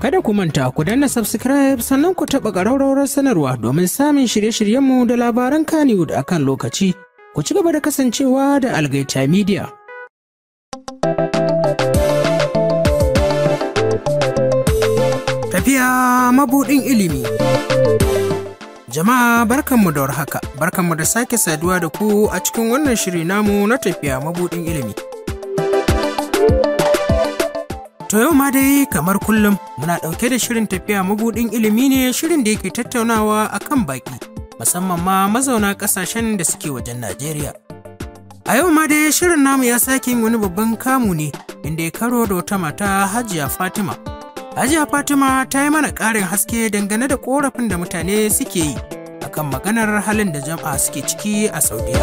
Kada ku manta ku danna subscribe sannan ku taɓa ƙararrawar sanarwa domin samun shirye-shiryenmu da labaran Kannywood a kan lokaci. Ku ci gaba da kasancewa da Algaita Media. Tafiya mabuɗin ilimi. Jama'a barkanmu da warhaka, barkanmu da sake saduwa da ku a cikin wannan shiri namu na tafiya mabuɗin ilimi. To yau ma dai kamar kullum muna ɗauke da shirin tafiya mabuɗin ilimi ne shirin da yake tattaunawa a kan baƙi musamman ma mazauna ƙasashen da suke wajen Najeriya. A yau ma dai shirin namu ya sake wani babban kamu ne inda ya karo da wata mata Hajiya Fatima. Hajiya Fatima ta yi mana ƙarin haske dangane da ƙorafin da mutane suke yi akan maganar halin da jama'a suke ciki a Saudiya.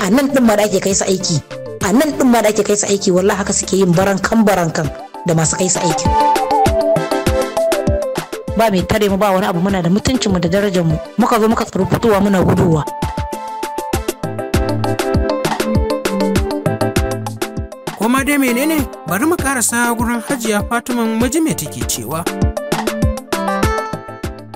A nan ɗin ma da ake kai su aiki a nan din ma da ake kai su aiki wallahi haka suke yin barankan barankan da masu kai su aiki ba mai tare mu ba wani abu muna da mutuncin mu da darajar mu muka zo muka tsaro fitowa muna guduwa koma dai menene bari mu karasa gurin hajiya fatiman majime take cewa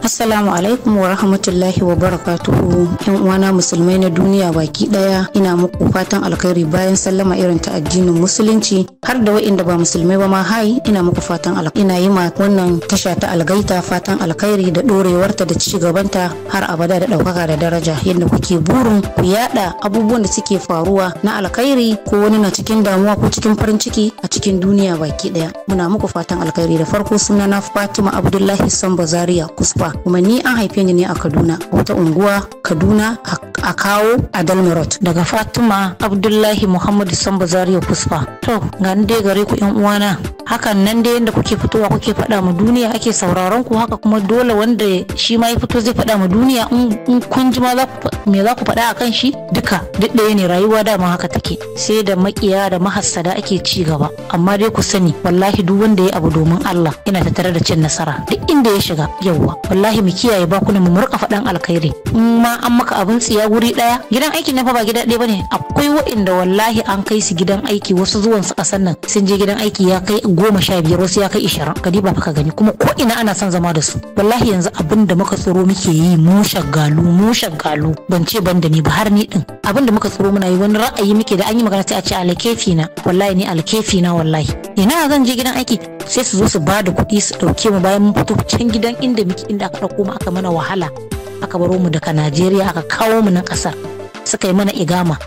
Assalamu alaikum wa rahmatullahi wa barakatuhu. Yan uwana musulmai na duniya baki daya ina muku fatan alkhairi bayan sallama irin ta addinin musulunci har da wa'inda ba musulmai ba ma hai ina muku fatan alkhairi. Ina yi ma wannan tasha ta algaita fatan alkhairi da ɗorewarta da ci gabanta har abada da ɗaukaka da daraja yadda kuke burin ku yada abubuwan da suke faruwa na alkhairi ko wani na cikin damuwa ko cikin farin ciki a cikin duniya baki daya. Muna muku fatan alkhairi da farko sunana Fatima Abdullahi Samba Zaria Kusfa. kuma ni an haife ni ne a Kaduna wata unguwa Kaduna a kawo a Dalmarot daga Fatima Abdullahi Muhammadu Sambo Zaria Kusfa to ga ni dai gare ku yan uwana hakan nan dai yadda kuke fitowa kuke faɗa mu duniya ake sauraron ku haka kuma dole wanda shi ma ya fito zai faɗa mu duniya in kun ji ma me za ku faɗa a kan shi duka duk ɗaya ne rayuwa dama haka take sai da makiya da mahassada ake ci gaba amma dai ku sani wallahi duk wanda ya abu domin Allah yana tattare da cin nasara duk inda ya shiga yawwa wallahi mu kiyaye bakunan mu rika faɗan alkhairi in ma an maka abin tsiya guri ɗaya gidan aiki na fa ba gida ɗaya bane akwai wa'inda wallahi an kai su gidan aiki wasu zuwan su ƙasar nan sun je gidan aiki ya kai goma sha biyar wasu ya kai ishirin ka diba ka gani kuma ko ina ana son zama da su wallahi yanzu abin da muka tsoro muke yi mu shagalu mu shagalu ban ce ban da ni ba har ni din abin da muka tsoro muna yi wani ra'ayi muke da an yi magana sai a ce alkefi na wallahi ni alkefi na wallahi ina zan je gidan aiki sai su zo su ba da kuɗi su ɗauke mu bayan mun fito can gidan inda muke inda aka ɗauko mu aka mana wahala aka baro mu daga najeriya aka kawo mu na ƙasar suka yi mana igama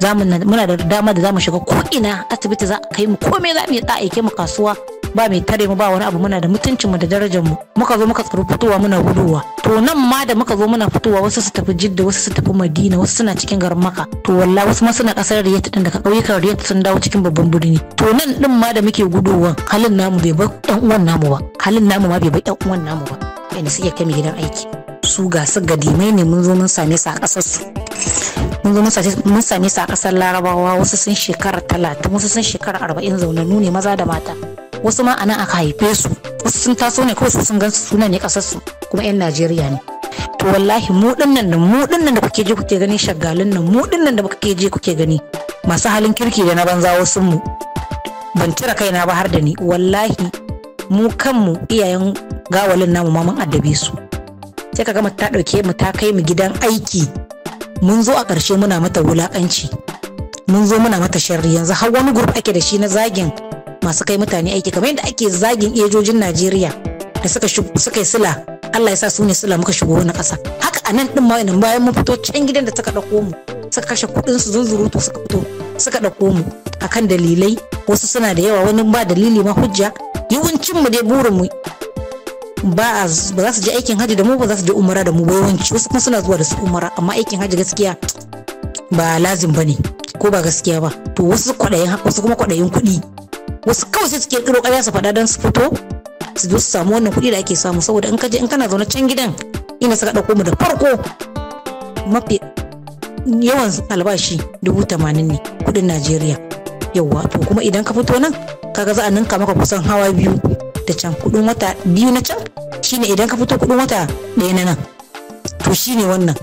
muna da dama da zamu shiga ko'ina asibiti za a kai mu komai za mu yi aike mu kasuwa ba mai tare mu ba wani abu muna da mutuncin mu da darajar mu muka zo muka tsaro fitowa muna guduwa to nan ma da muka zo muna fitowa wasu su tafi jidda wasu su tafi madina wasu suna cikin garin maka to walla wasu ma suna kasar riyat din daga kauyukan riyat sun dawo cikin babban birni to nan din ma da muke gudowa halin namu bai bar ɗan uwan namu ba halin namu ma bai bar ɗan uwan namu ba waɗanda suke kai gidan aiki su ga su gadimai ne mun zo mun same su a ƙasar su mun zo mun same su a ƙasar larabawa wasu sun shekara talatin wasu sun shekara arba'in zaunannu ne maza da mata wasu ma anan aka haife su wasu sun taso ne kawai su sun gan suna ne ƙasar su kuma 'yan najeriya ne to wallahi mu dinnan da mu dinnan da kuke je kuke gani shagalin nan mu dinnan da kuke je kuke gani masu halin kirki da na banza wasu mu ban cire kaina ba har da ni wallahi mu kanmu iyayen gawalin namu ma mun addabe su sai ka gama ta ɗauke mu ta kai mu gidan aiki mun zo a ƙarshe muna mata wulaƙanci mun zo muna mata sharri yanzu har wani gurbi ake da shi na zagin masu kai mutane aiki kamar yadda ake zagin ejojin Najeriya da suka suka yi Allah ya sa su ne sila muka shigo wani ƙasa haka anan nan ɗin ma bayan mun fito can gidan da suka ɗauko mu suka kashe kuɗin su zunzurutu suka fito suka ɗauko mu akan dalilai wasu suna da yawa wani ba dalili ma hujja yawancin mu dai burin mu ba za su je aikin hajji da mu ba za su je umara da mu ba yawanci wasu kuma suna zuwa da su umara amma aikin hajji gaskiya ba lazim ba ne ko ba gaskiya ba to wasu kwaɗayin wasu kuma kwaɗayin kuɗi wasu kawai sai suke kiro ƙarya su faɗa don su fito su zo su samu wannan kuɗi da ake samu saboda in ka in kana zaune can gidan ina suka ɗauko mu da farko mafi yawan albashi dubu tamanin ne kuɗin Najeriya yawwa to kuma idan ka fito nan kaga za a ninka maka kusan hawa biyu ta can kudin wata biyu na can shine idan ka fito kudin wata ɗaya na nan to shine wannan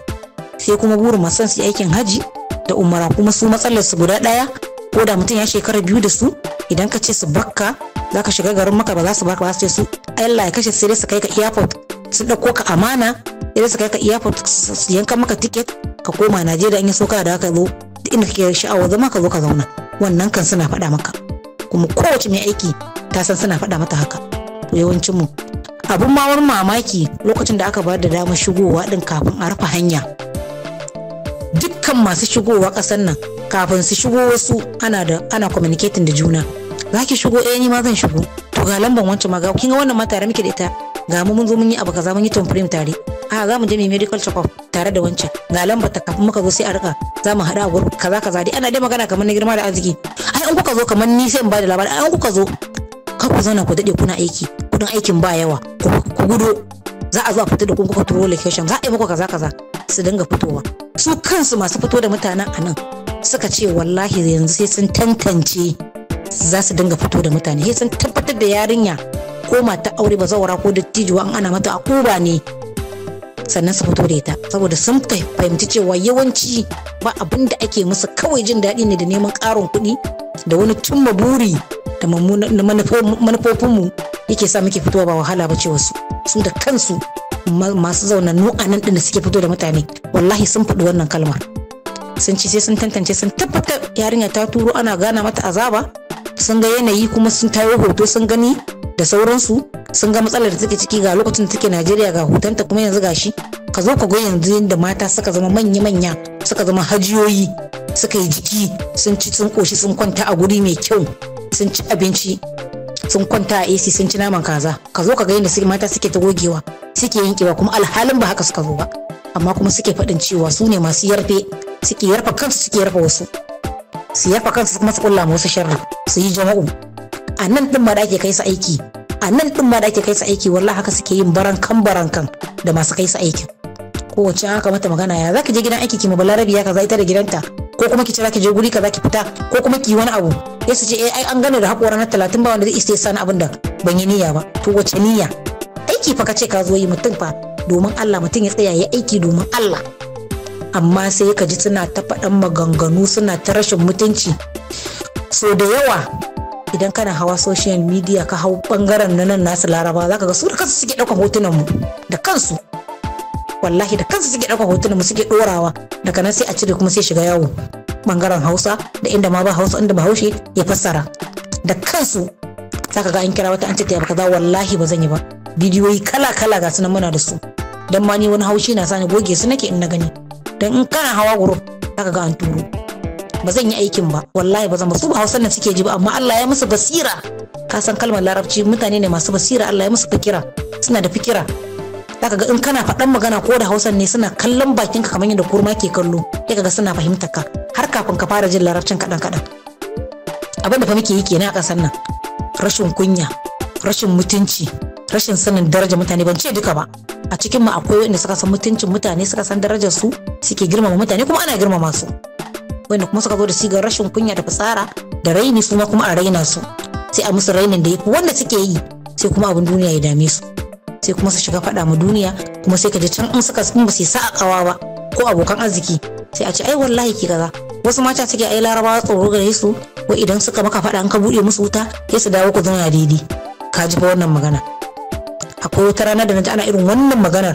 sai kuma burin masu su aikin haji da umara kuma su matsalar su guda ɗaya ko da mutum ya shekara biyu da su idan ka ce su bakka za ka shiga garin maka ba za su baka ba su su Allah ya kashe sai dai su kai ka airport su dauko ka amana sai su kai ka airport su yanka maka ticket ka koma Najeriya in ya so da ka zo inda kake sha'awa zama ka zo ka zauna wannan kan suna faɗa maka kuma kowace mai aiki ta san suna faɗa mata haka yawancin mu abun mawar mamaki lokacin da aka ba da damar shigowa din kafin a rufe hanya dukkan masu shigowa ƙasar nan kafin su shigo wasu ana da ana communicating da juna za ki shigo eh ni ma zan shigo to ga lamban wancan ma ga kin ga wannan ma tare muke da ita ga mu mun zo mun yi abu kaza mun yi frame tare a za mu je mu medical check up tare da wancan ga lambar ta kafin muka zo sai a rika za mu haɗu a kaza kaza dai ana dai magana kamar na girma da arziki ai an kuka zo kamar ni sai in ba da labari ai an kuka zo kar ku zauna ku dade kuna aiki kudin aikin ba yawa ku gudo za a zo a fita da kun kuka turo location za a yi muku kaza kaza su dinga fitowa su kansu masu fito da mutanen a nan suka ce wallahi yanzu sai sun tantance za su dinga fito da mutane sai sun tabbatar da yarinya ko mata aure ba zawara ko dattijuwa an ana mata akuba ne sannan su fito da ita saboda sun fahimci cewa yawanci ba abin da ake musu kawai jin daɗi ne da neman ƙarin kuɗi da wani cimma buri da manufofinmu yake sa muke fitowa ba wahala ba ce wasu su da kansu masu zaunannu a nan da suke fito da mutane wallahi sun faɗi wannan kalmar sun ci sai sun tantance sun tabbatar yarinya ta turo ana gana mata azaba sun ga yanayi kuma sun tayo hoto sun gani da sauransu sun ga matsalar da take ciki ga lokacin da take Najeriya ga hotonta kuma yanzu gashi ka zo ka ga yanzu yadda mata suka zama manya-manya suka zama hajiyoyi suka yi jiki sun ci sun koshi sun kwanta a guri mai kyau sun ci abinci sun kwanta a AC sun ci naman kaza ka zo ka ga yadda mata suke ta gogewa suke yankewa kuma alhalin ba haka suka zo ba amma kuma suke faɗin cewa su ne masu yarfe suke yarfa kansu suke yarfa wasu su yarfa kansu kuma su kulla wasu sharri su yi jama'u a nan ɗin ma da ake kai su aiki a nan ɗin ma da ake kai su aiki wallahi haka suke yin baran kan baran kan da masu kai su aikin kowace haka mata magana ya ki je gidan aiki ki Balarabiya balarabi ya kaza ita da gidanta ko kuma ki ce ki je guri kaza ki fita ko kuma ki wani abu ya su ce eh, ai an gane da haƙo ranar talatin ba wanda zai isa sani abin da ban yi niyya ba to wace niyya aiki fa ka ce ka zo yi mutum fa domin Allah mutum ya tsaya ya aiki domin Allah amma sai ka ji suna ta faɗan maganganu suna ta rashin mutunci so da yawa idan kana hawa social media ka hau bangaren na nan nasu laraba za ka ga su da kansu suke ɗaukan mu da kansu wallahi da kansu suke hotunan mu suke ɗorawa daga nan sai a cire kuma sai shiga yawo bangaren hausa da inda ma ba hausa inda bahaushe ya fassara da kansu zaka ga an kira wata an ce ta kaza wallahi ba zan yi ba bidiyoyi kala kala ga sunan muna da su dan ma ni wani haushi na sani goge su nake in na gani dan in kana hawa gurup zaka ga an turo ba zan yi aikin ba wallahi ba zan ba su ba hausan nan suke ji ba amma Allah ya musu basira ka san kalmar larabci mutane ne masu basira Allah ya musu fikira suna da fikira zaka ga in kana faɗan magana ko da Hausa ne suna kallon ka kamar yadda kurma ke kallo ya ga suna fahimtar ka har kafin ka fara jin larabcin kaɗan kaɗan abin da fa muke yi kenan a ƙasar nan rashin kunya rashin mutunci rashin sanin daraja mutane ban ce duka ba a cikin mu akwai wanda suka san mutuncin mutane suka san darajar su suke girmama mutane kuma ana girmama su wanda kuma suka zo da sigar rashin kunya da fasara da raini su kuma a raina su sai a musu rainin da ya fi wanda suke yi sai kuma abin duniya ya dame su sai kuma su shiga faɗa mu duniya kuma sai ka je can in suka in ba su sa a kawa ba ko abokan arziki sai a ce ai wallahi ki kaza wasu mata suke ai larabawa tsoro gare su wai idan suka maka faɗa in ka buɗe musu wuta sai su dawo ku zauna daidai ka ji fa wannan magana akwai wata rana da na ji ana irin wannan maganar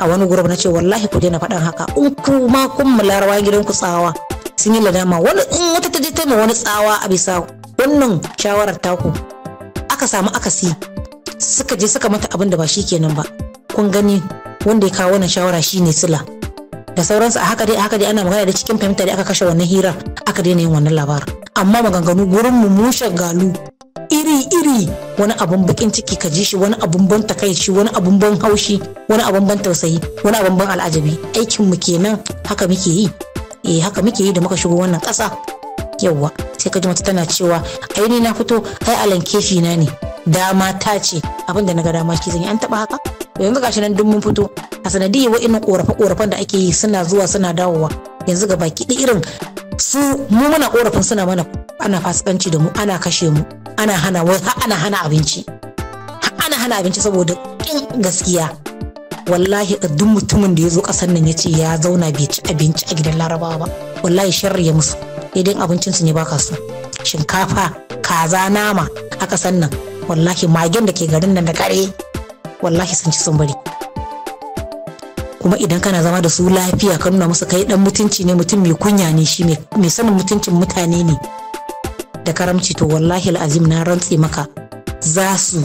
a wani gurbi na ce wallahi ku daina faɗan haka in ku ma kun mu larabawa gidan ku tsawa sun yi ladama wani in wata ta je ta wani tsawa a bisa wannan shawarar taku aka samu akasi suka je suka mata abin da ba shi kenan ba kun gani wanda ya kawo wannan shawara shine sila da sauransu a haka dai a haka dai ana magana da cikin fahimta da aka kashe wannan hirar aka daina yin wannan labarin amma maganganu gurin mushe galu iri-iri wani abun bakin ciki ka ji shi wani abun ban takaici wani abun ban haushi wani abun ban tausayi wani abun ban al'ajabi aikin mu kenan haka muke yi eh haka muke yi da muka shigo wannan kasa yawwa sai ka ji mata tana cewa ai ni na fito ai alankeshi na ne dama ta ce abin da na ga dama shi zan yi an taba haka yanzu gashi nan duk mun fito a sanadiyar wa'innan korafe-korafen da ake yi suna zuwa suna dawowa yanzu ga baki ɗin irin su mu muna korafin suna mana ana fasikanci da mu ana kashe mu ana hana ana hana abinci ana hana abinci saboda kin gaskiya wallahi duk mutumin da ya zo ƙasar nan ya ce ya zauna bai ci abinci a gidan larabawa ba wallahi sharri ya musu idan abincinsu ne baka so shinkafa kaza nama a ƙasar nan wallahi magen da ke garin nan da kare wallahi sun ci sun bari kuma idan kana zama da su lafiya ka nuna musu kai dan mutunci ne mutum mai kunya ne shi mai sanin mutuncin mutane ne da karamci to wallahi al'azim na rantse maka za su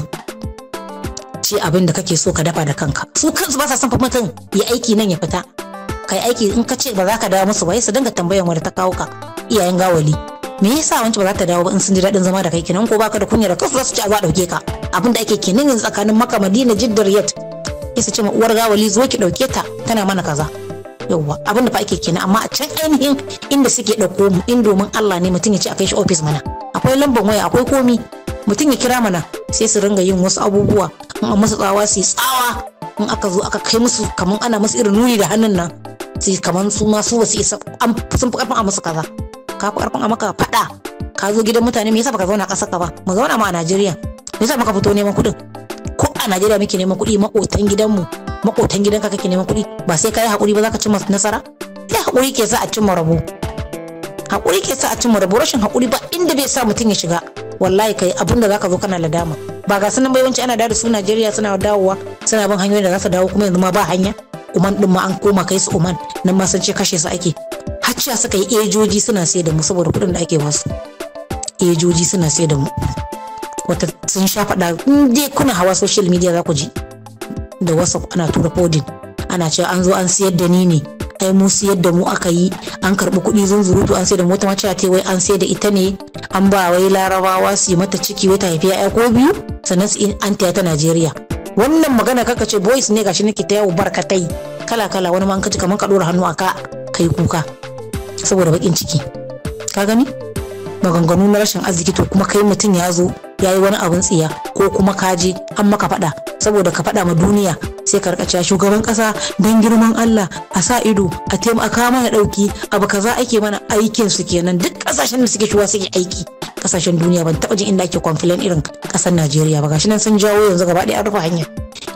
ci abin da kake so ka dafa da kanka su kansu ba sa son mutum ya aiki nan ya fita kai aiki in ka ce ba za ka dawo musu ba sai su dinga tambayan wanda ta kawo ka iyayen gawali me yasa wancan ba za ta dawo ba in sun ji daɗin zama da kai kenan ko baka da kunya da kansu za su ci a ɗauke ka abin da ake kenan yanzu tsakanin maka madina jiddar yat sai ce ma uwar gawali zo ki ɗauke ta tana mana kaza yawwa abin da fa ake kenan amma a can ainihin inda suke dauko mu in domin Allah ne mutum ya ce a kai shi ofis mana akwai lambar waya akwai komi mutum ya kira mana sai su ringa yin wasu abubuwa in an masa tsawa su tsawa in aka zo aka kai musu kamar ana musu irin nuni da hannun nan sai kamar su ma su su isa sun fi karfin a musu kaza ka fi ƙarfin a maka faɗa ka zo gidan mutane me yasa baka zauna ƙasar ka ba mu zauna ma a Najeriya me yasa muka fito neman kuɗin ko a Najeriya muke neman kuɗi maƙotan gidanmu maƙotan gidanka kake neman kuɗi ba sai ka yi haƙuri ba za ka cimma nasara sai haƙuri ke sa a cimma rabo haƙuri ke sa a cimma rabo rashin haƙuri ba inda bai sa mutum ya shiga wallahi kai abun da zaka zo kana ladama ba ga sunan bai ana da su Najeriya suna dawowa suna bin hanyoyin da za su dawo kuma yanzu ma ba hanya Uman din ma an koma kai su Uman nan ma sun ce kashe su ake sha suka yi ejoji suna sai da mu saboda kuɗin da ake wasu ejoji suna sai da mu wata sun sha faɗa in dai kuna hawa social media za ku ji da wasu ana tura fodin ana cewa an zo an siyar da ni ne ai mu siyar da mu aka yi an karɓi kuɗi zunzurutu an sai da mota mace ta wai an sai da ita ne an ba wai larabawa su yi mata ciki wata haifi ai ko biyu sannan su in an ta Najeriya wannan magana kaka ce boys ne gashi nake ta yawo barkatai kala kala wani ma an kaji kaman ka dora hannu aka kai kuka saboda bakin ciki ka gani maganganu na rashin arziki to kuma kai mutum ya zo ya yi wani abin tsiya ko kuma ka je an maka faɗa saboda ka faɗa ma duniya sai ka a shugaban kasa don girman Allah a sa ido a taimaka mana ɗauki abu kaza ake mana aikin su kenan duk ƙasashen da suke shuwa suke aiki kasashen duniya ban taba jin inda ake kwamfilen irin kasar Najeriya ba gashi nan sun jawo yanzu gaba ɗaya an rufe hanya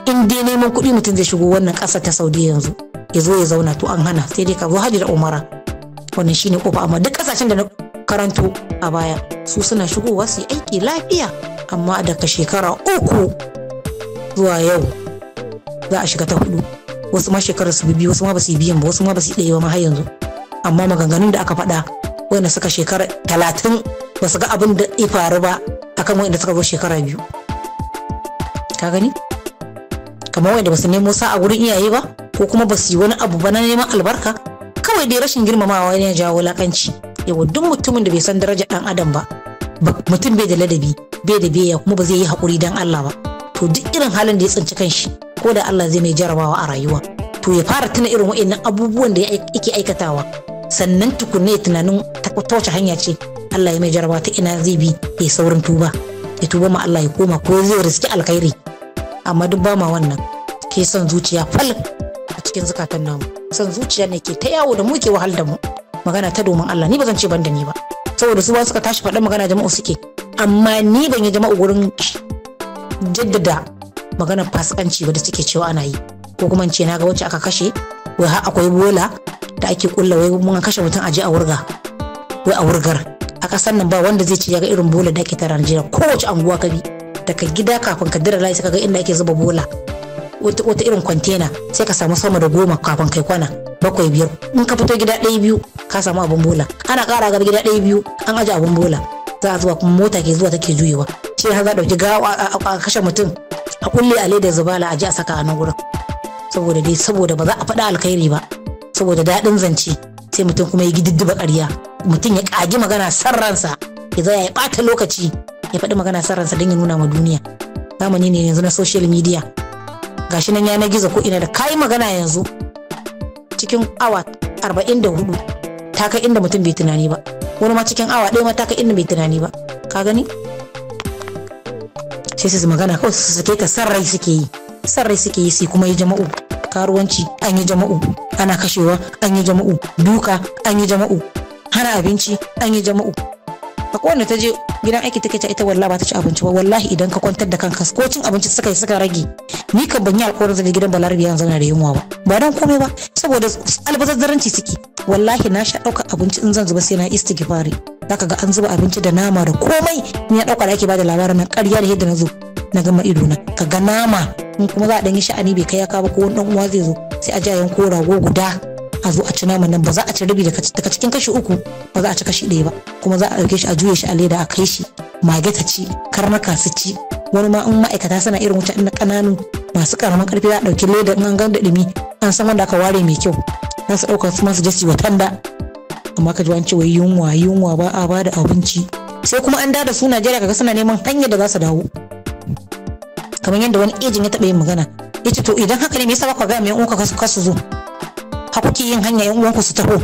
in dai neman kuɗi mutum zai shigo wannan kasa ta saudi yanzu ya zo ya zauna to an hana sai dai ka zo hajji da umara wannan ne kofa amma duk kasashen da na karanto a baya su suna shigowa su aiki lafiya amma daga shekara uku zuwa yau za a shiga ta hudu wasu ma shekarar su biyu wasu ma ba su biyan ba wasu ma ba su ɗaya ma har yanzu amma maganganun da aka faɗa wanda suka shekara talatin ba su ga abin da ya faru ba akan wanda suka zo shekara biyu ka gani kamar wanda ba su nemo sa a gurin iyaye ba ko kuma ba su yi wani abu ba na neman albarka kawai dai rashin girmamawa ne ya jawo wulakanci yawa duk mutumin da bai san daraja dan adam ba mutum bai da ladabi bai da biyayya kuma ba zai yi haƙuri dan Allah ba to duk irin halin da ya tsinci kanshi ko da Allah zai mai jarabawa a rayuwa to ya fara tuna irin wa'annan abubuwan da yake aikatawa sannan tukunne ya tunanin ta hanya ce Allah ya mai jarabawa ta ina zai bi ya saurin tuba ya tuba ma Allah ya koma ko zai riski alkhairi amma duk ba ma wannan ke son zuciya fal cikin zukatan namu san zuciya ne ke ta yawo da mu ke wahal da mu magana ta domin Allah ni ba zan ce ban da ni ba saboda su ba suka tashi faɗa magana jama'u suke amma ni ban yi jama'u gurin jaddada magana fasikanci ba da suke cewa ana yi ko kuma ce naga ga wacce aka kashe wai har akwai bola da ake kulla wai mun kashe mutum aje a wurga wai a wurgar a san nan ba wanda zai ce ya ga irin bola da ake tara Najeriya kowace anguwa ka bi daga gida kafin ka dira layi ka ga inda ake zuba bola wata irin kwantena sai ka samu sama da goma kafin kai kwana bakwai biyar in ka fito gida ɗaya biyu ka samu abin bola ana ƙara gar gida ɗaya biyu an aje abin bola za a zuwa kuma mota ke zuwa take juyewa shi ne za a ɗauki gawa a kashe mutum a kulle a leda zubala a je a saka a nan wurin saboda dai saboda ba za a faɗa alkhairi ba saboda daɗin zance sai mutum kuma ya gididdiba ƙarya mutum ya ƙagi magana san ransa ya zaya ya ɓata lokaci ya faɗi magana san ransa don ya nuna ma duniya zamani ne yanzu na social media gashi nan yanar gizo ko ina da kayi magana yanzu cikin awa 44 ta kai inda mutum bai tunani ba wani ma cikin awa ɗaya ma ta kai inda bai tunani ba ka gani sai su magana kawai su suke ta san rai suke yi san rai suke yi sai kuma yi jama'u karuwanci an yi jama'u ana kashewa an yi jama'u duka an yi jama'u hana abinci an yi jama'u akwai ta je gidan aiki take ce ita wallahi ba ta ci abinci ba wallahi idan ka kwantar da kanka ko cin abinci suka yi suka rage ni kan ban yi alƙawarin zan gidan balarabe yan zauna da yunwa ba ba dan komai ba saboda albazazzaranci suke wallahi na sha ɗaukar abinci in zan zuba sai na istighfari zaka ga an zuba abinci da nama da komai ni ya ɗauka da ake bada labarin nan ƙarya da yadda na zo na gama ido na ka ga nama in kuma za a ɗan yi sha'ani bai kai ya kawo ko wani ɗan uwa zai zo sai a ja yanko rago guda a zo a ci naman nan ba za a ci rabi daga cikin kashi uku ba za a ci kashi ɗaya ba kuma za a ɗauke shi a juye shi a leda a kai shi mage ta ci karnuka su ci wani ma in ma'aikata suna irin wuta na ƙananu masu ƙaramin ƙarfi za a ɗauki leda in an gan da ɗumi an san wanda aka ware mai kyau za su ɗauka su masu jasi tanda amma ka ji an ce wai yunwa yunwa ba a ba da abinci sai kuma an dada su Najeriya kaga suna neman hanyar da za su dawo kamar yadda wani ejin ya taɓa yin magana ya ce to idan haka ne me yasa ba ka ga mai uwanka kasu zo hakuki kuke yin hanya yan uwanku su taho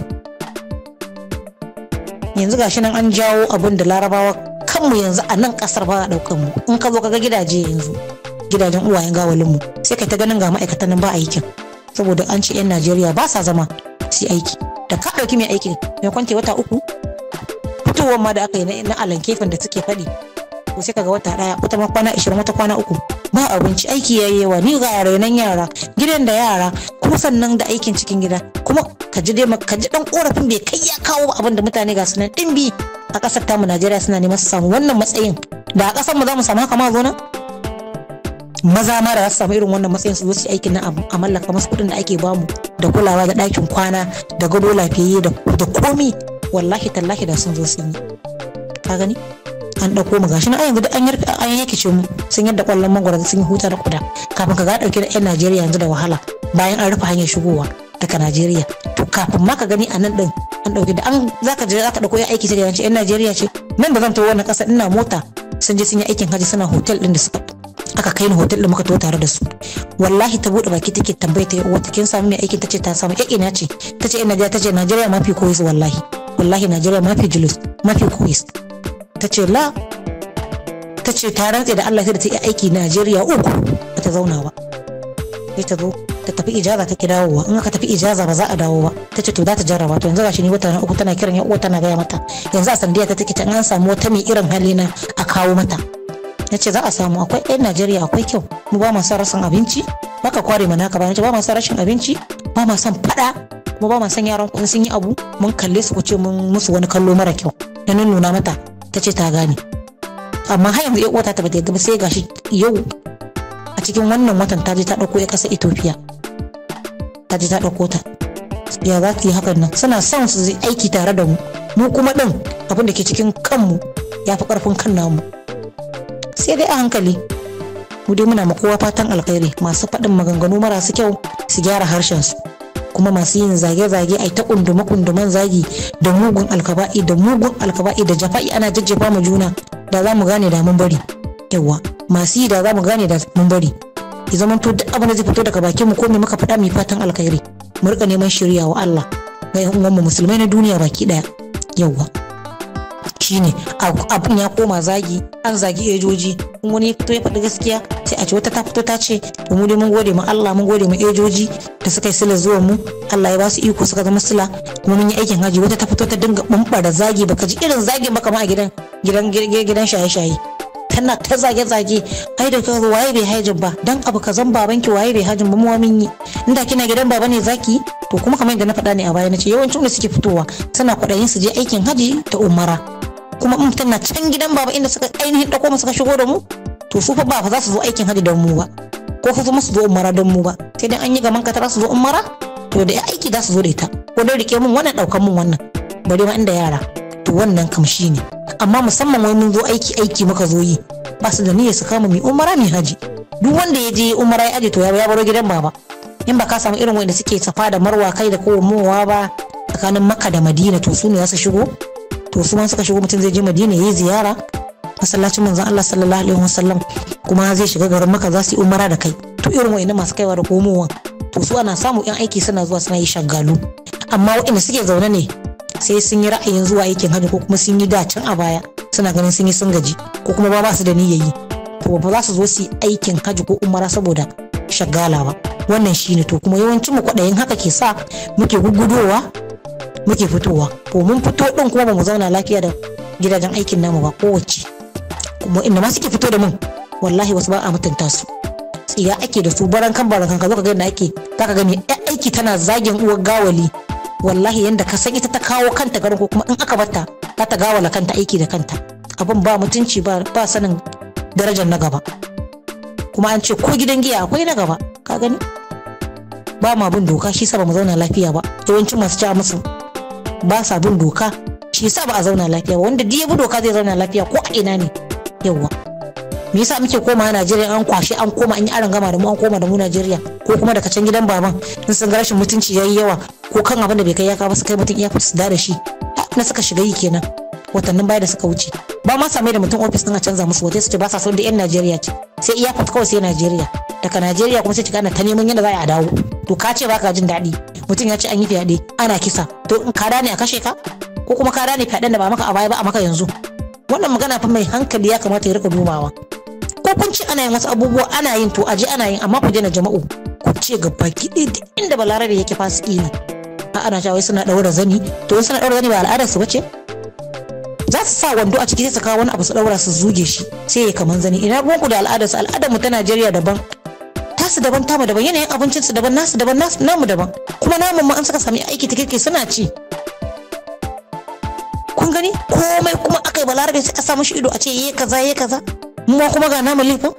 yanzu gashi nan an jawo abun da larabawa kanmu yanzu a nan kasar ba daukan mu in ka zo ka ga gidaje yanzu gidajen uwayen gawalin mu sai ka ta ganin ga ma'aikatan nan ba aikin saboda an ce yan Najeriya ba sa zama su aiki da ka dauki mai aikin mai kwante wata uku fitowar ma da aka yi na alankefin da suke faɗi to sai kaga wata daya wata kwana 20 wata kwana uku ba abinci aiki yayi yawa ni ga renan yara gidan da yara kuma sannan da aikin cikin gida kuma ka ji dai ka ji dan korafin bai kai ya kawo ba abin da mutane ga sunan dimbi a kasar tamu Najeriya suna neman su samu wannan matsayin da a kasar mu za mu samu haka ma zo nan maza ma da za su samu irin wannan matsayin su zo su aikin nan a mallaka masu kuɗin da ake bamu da kulawa da ɗakin kwana da gado lafiyayye da komi wallahi tallahi da sun zo sun yi ka gani an ɗauko mu gashi na yanzu da an yarfe an yake ce mu sun yadda kwallon mangwaro sun yi huta da kuda kafin ka ga ɗauke da 'yan Najeriya yanzu da wahala bayan an rufe hanyar shigowa daga Najeriya to kafin ma ka gani a nan ɗin an ɗauke da an zaka je zaka ɗauko ya aiki sai ce, 'yan Najeriya ce nan da zan tawo wannan ƙasa ina mota sun je sun yi aikin haji suna hotel ɗin da suka aka kai ni hotel da muka to tare da su wallahi ta bude baki take tambaye ta uwa kin samu mai aikin tace ta samu ina ce tace ina Najeriya tace Najeriya mafi koyis wallahi wallahi Najeriya mafi julus mafi koyis ta ce la ta ce ta rantse da Allah sai da ta yi aiki Najeriya uku ba ta zauna ba sai ta zo ta tafi ijaza take dawowa in aka tafi ijaza ba za a dawo ba ta ce to za ta jarraba to yanzu gashi ni wata uku tana kiran ya uwa tana gaya mata yanzu a sandiya ta take ta an samu wata mai irin halina a kawo mata ya ce za a samu akwai ɗan Najeriya akwai kyau mu ba mu son rashin abinci baka kware mana haka ba ba mu son rashin abinci ba mu son faɗa mu ba mu son yaran kun sun yi abu mun kalle su ku ce mun musu wani kallo mara kyau na nuna mata ta ce ta gane amma har yanzu yan uwata ta bata yadda ba sai gashi yau a cikin wannan watan ta je ta ɗauko ya ƙasa Ethiopia ta je ta ɗauko ta ya za ta yi hakan nan suna son su yi aiki tare da mu mu kuma ɗin abin da ke cikin kanmu ya fi ƙarfin kan namu sai dai a hankali mu dai muna ma kowa fatan alkhairi masu faɗin maganganu marasu kyau su gyara harshensu kuma masu yin zage-zage ai ta kunduma kunduman zagi da mugun alkaba'i da mugun alkaba'i da jafa'i ana jajjefa mu juna da za mu gane da mun bari yawa masu yi da za mu gane da mun bari ya zama to duk abin da zai fito daga bakin mu ko me muka faɗa mu fatan alkhairi mu rika neman shirya wa Allah ga yan uwan mu musulmai na duniya baki daya yawa shine abin ya koma zagi an zagi ejoji in wani ya fito ya faɗi gaskiya sai a ce wata ta fito ta ce to mu dai mun gode mu Allah mun gode mu ejoji da suka yi sila zuwa mu Allah ya ba su iko suka zama sila kuma mun yi aikin haji wata ta fito ta dinga bambara zagi baka ji irin zagi baka ma a gidan gidan gidan shaye-shaye tana ta zage-zage ai da kawo waye bai hajin ba dan abu ka zan babanki waye bai hajin ba mu min yi inda kina gidan baba ne zaki to kuma kamar yadda na faɗa ne a baya na ce yawancin da suke fitowa suna kwaɗayin su je aikin haji ta umara kuma in tana can gidan baba inda suka ainihin dauko mu suka shigo da mu to su fa ba za su zo aikin hadi don mu ba ko fa su zo umara don mu ba sai dai an yi gaman katara su zo umara to da aiki za su zo da ita ko dai rike mun wannan ɗaukan mun wannan bare ma inda yara to wannan kam shi ne amma musamman wai mun zo aiki aiki muka zo yi ba su da niyyar su kama mai umara mai haji duk wanda ya je umara ya aje to ya baro gidan baba in ba ka samu irin wanda suke safa da marwa kai da kowa mowa ba tsakanin makka da madina to su ne za su shigo to su ma suka shigo mutum zai je madina yi ziyara masallacin manzon Allah sallallahu alaihi wasallam kuma zai shiga garin maka za su yi umara da kai to irin wayannan masu kaiwa da komowa to su ana samu yan aiki suna zuwa suna yi shagalu amma waɗanda suke zaune ne sai sun yi ra'ayin zuwa aikin hajji ko kuma sun yi dacin a baya suna ganin sun yi sun gaji ko kuma ba su da yi? to ba za su zo su yi aikin hajji ko umara saboda shagala ba wannan shine to kuma yawancin mu kwaɗayin haka ke sa muke gugudowa muke fitowa ko mun fito din kuma ba mu zauna lafiya da gidajen aikin namu ba kowace kuma inda ma suke fito da mun wallahi wasu ba a mutunta su tsiya ake da su barankan barankan ka zo ka gani ake zaka gani aiki tana zagin uwar gawali wallahi yanda ka san ita ta kawo kanta garin ko kuma in aka bata za ta gawala kanta aiki da kanta abin ba mutunci ba ba sanin darajar na gaba kuma an ce ko gidan giya akwai na gaba ka gani ba ma bin doka shi sa ba mu zauna lafiya ba yawancin masu ja musu ba sa bin doka shi yasa ba a zauna lafiya ba wanda ya bi doka zai zauna lafiya ko a ina ne yawwa me yasa muke koma Najeriya an kwashe an koma an yi aron gama da mu an koma da mu Najeriya ko kuma daga can gidan baban in sun ga rashin mutunci yayi yawa ko kan abin da bai kai ya ba su kai mutum iya su da shi na suka shiga yi kenan watannin baya da suka wuce ba ma same da mutum ofis din a canza musu wata su ba sa son da yan Najeriya ce sai iya kawai sai Najeriya daga Najeriya kuma sai ta neman yadda za a dawo to ka ce baka jin daɗi mutum ya ce an yi fyaɗe ana kisa to in ka dane a kashe ka ko kuma ka dane fyaɗen da ba maka a baya ba a maka yanzu wannan magana fa mai hankali ya kamata ya rika dumawa. ko kun ce ana yin wasu abubuwa ana yin to aje ana yin amma ku daina jama'u ku ce gaba ɗaya duk inda balarabe yake fasiki ne a ana cewa wai suna ɗaura zani to wai suna ɗaura zani ba al'adar su bace za su sa wando a ciki sai su kawo wani abu su ɗaura su zuge shi sai ya kaman zani ina ku da su al'adar mu ta Najeriya daban tasu daban tamu daban yanayin abincin su daban nasu daban nasu namu daban kuma namun ma an suka sami aiki ta kirki suna ci kun gani komai kuma akai balarabe sai a samu shi ido a ce yi kaza yi kaza mu ma kuma ga namu laifin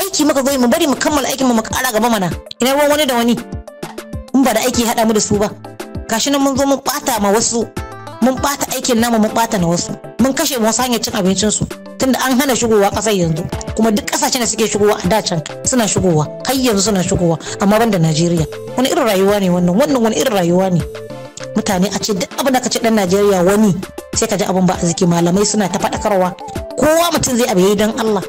aiki muka zo mu bari mu kammala aikin mu mu kara gaba mana ina ruwan wani da wani in ba da aiki hada mu da su ba gashi nan mun zo mun bata ma wasu mun bata aikin namu mun bata na wasu mun kashe mu wasu hanyar cin abincin su tunda an hana shigowa ƙasar yanzu kuma duk ƙasashen da suke shigowa a dacan suna shigowa har yanzu suna shigowa amma banda Najeriya wani irin rayuwa ne wannan wannan wani irin rayuwa ne mutane a ce duk abin da ka ce dan Najeriya wani sai ka ji abin ba arziki malamai suna ta faɗakarwa kowa mutum zai abu yayi dan Allah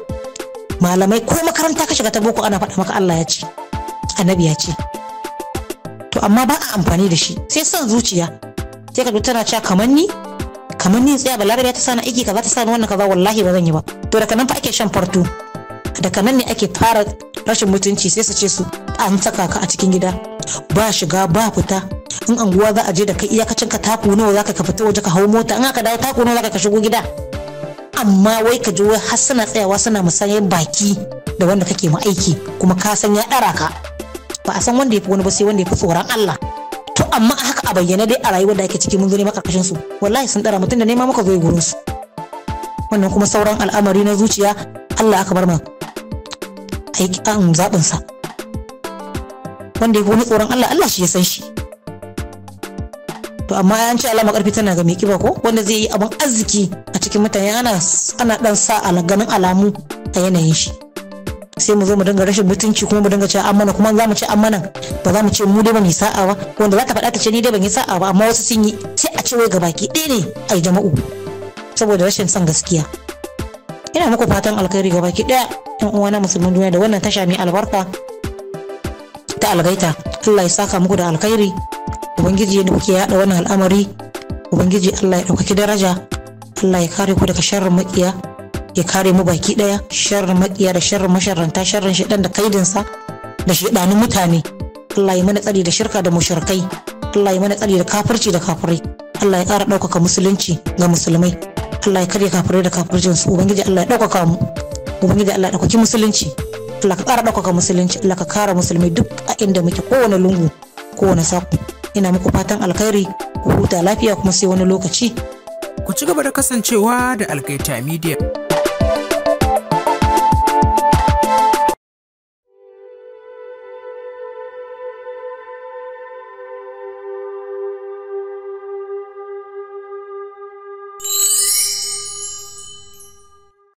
malamai ko makaranta ka shiga ta boko ana faɗa maka Allah ya ce annabi ya ce to amma ba a amfani da shi sai son zuciya sai ka tana cewa kamar ni kamar ni tsaya balarabe ta sani aiki kaza ta sani wannan kaza wallahi ba zan yi ba to daga nan fa ake shan fartu daga nan ne ake fara rashin mutunci sai su ce su an saka ka a cikin gida ba shiga ba fita in anguwa za a je da kai iyakacin ka taku nawa zaka ka fita waje ka hau mota in aka dawo taku nawa zaka ka shigo gida amma wai ka ji wai har suna tsayawa suna musayar baki da wanda kake ma aiki kuma ka san ya dara ka ba a san wanda ya fi wani ba sai wanda ya fi tsoron Allah to amma a haka a bayyana dai a rayuwar da ake ciki mun zo ne makarkashin su wallahi sun dara mutum da nema muka zo gurin su wannan kuma sauran al'amari na zuciya Allah aka bar ma aiki an zabin sa wanda ya wani tsoron Allah Allah shi ya san shi to amma an ce alama karfi tana ga mai kiba ko wanda zai yi abun arziki a cikin mutane ana ana dan sa ganin alamu a yanayin shi sai mu zo mu dinga rashin mutunci kuma mu dinga cewa an mana kuma za mu ce an mana ba za mu ce mu dai ba mu yi sa'a ba wanda za ta faɗa ta ce ni dai ban yi sa'a ba amma wasu sun yi sai a ce wai gabaki ɗaya ne a jama'u saboda rashin son gaskiya ina muku fatan alkhairi gabaki ɗaya ɗan uwana musulmin duniya da wannan tasha mai albarka ta algaita Allah ya saka muku da alkhairi ubangiji yadda kuke yaɗa wannan al'amari ubangiji Allah ya ɗaukaki daraja Allah ya kare ku daga sharrin maƙiya ya kare mu baki daya sharrin makiya da sharrin masharranta sharrin shaidan da kaidinsa da shaidanin mutane Allah ya mana tsari da shirka da mushrikai Allah ya mana tsari da kafirci da kafirai Allah ya ƙara ɗaukaka musulunci ga musulmai Allah ya karya kafirai da kafircin su ubangiji Allah ya ɗaukaka mu ubangiji Allah ya daukaki musulunci Allah ka ƙara ɗaukaka musulunci Allah ka kara musulmai duk a inda muke kowane lungu kowane saƙo ina muku fatan alkhairi ku huta lafiya kuma sai wani lokaci ku ci gaba da kasancewa da algaita media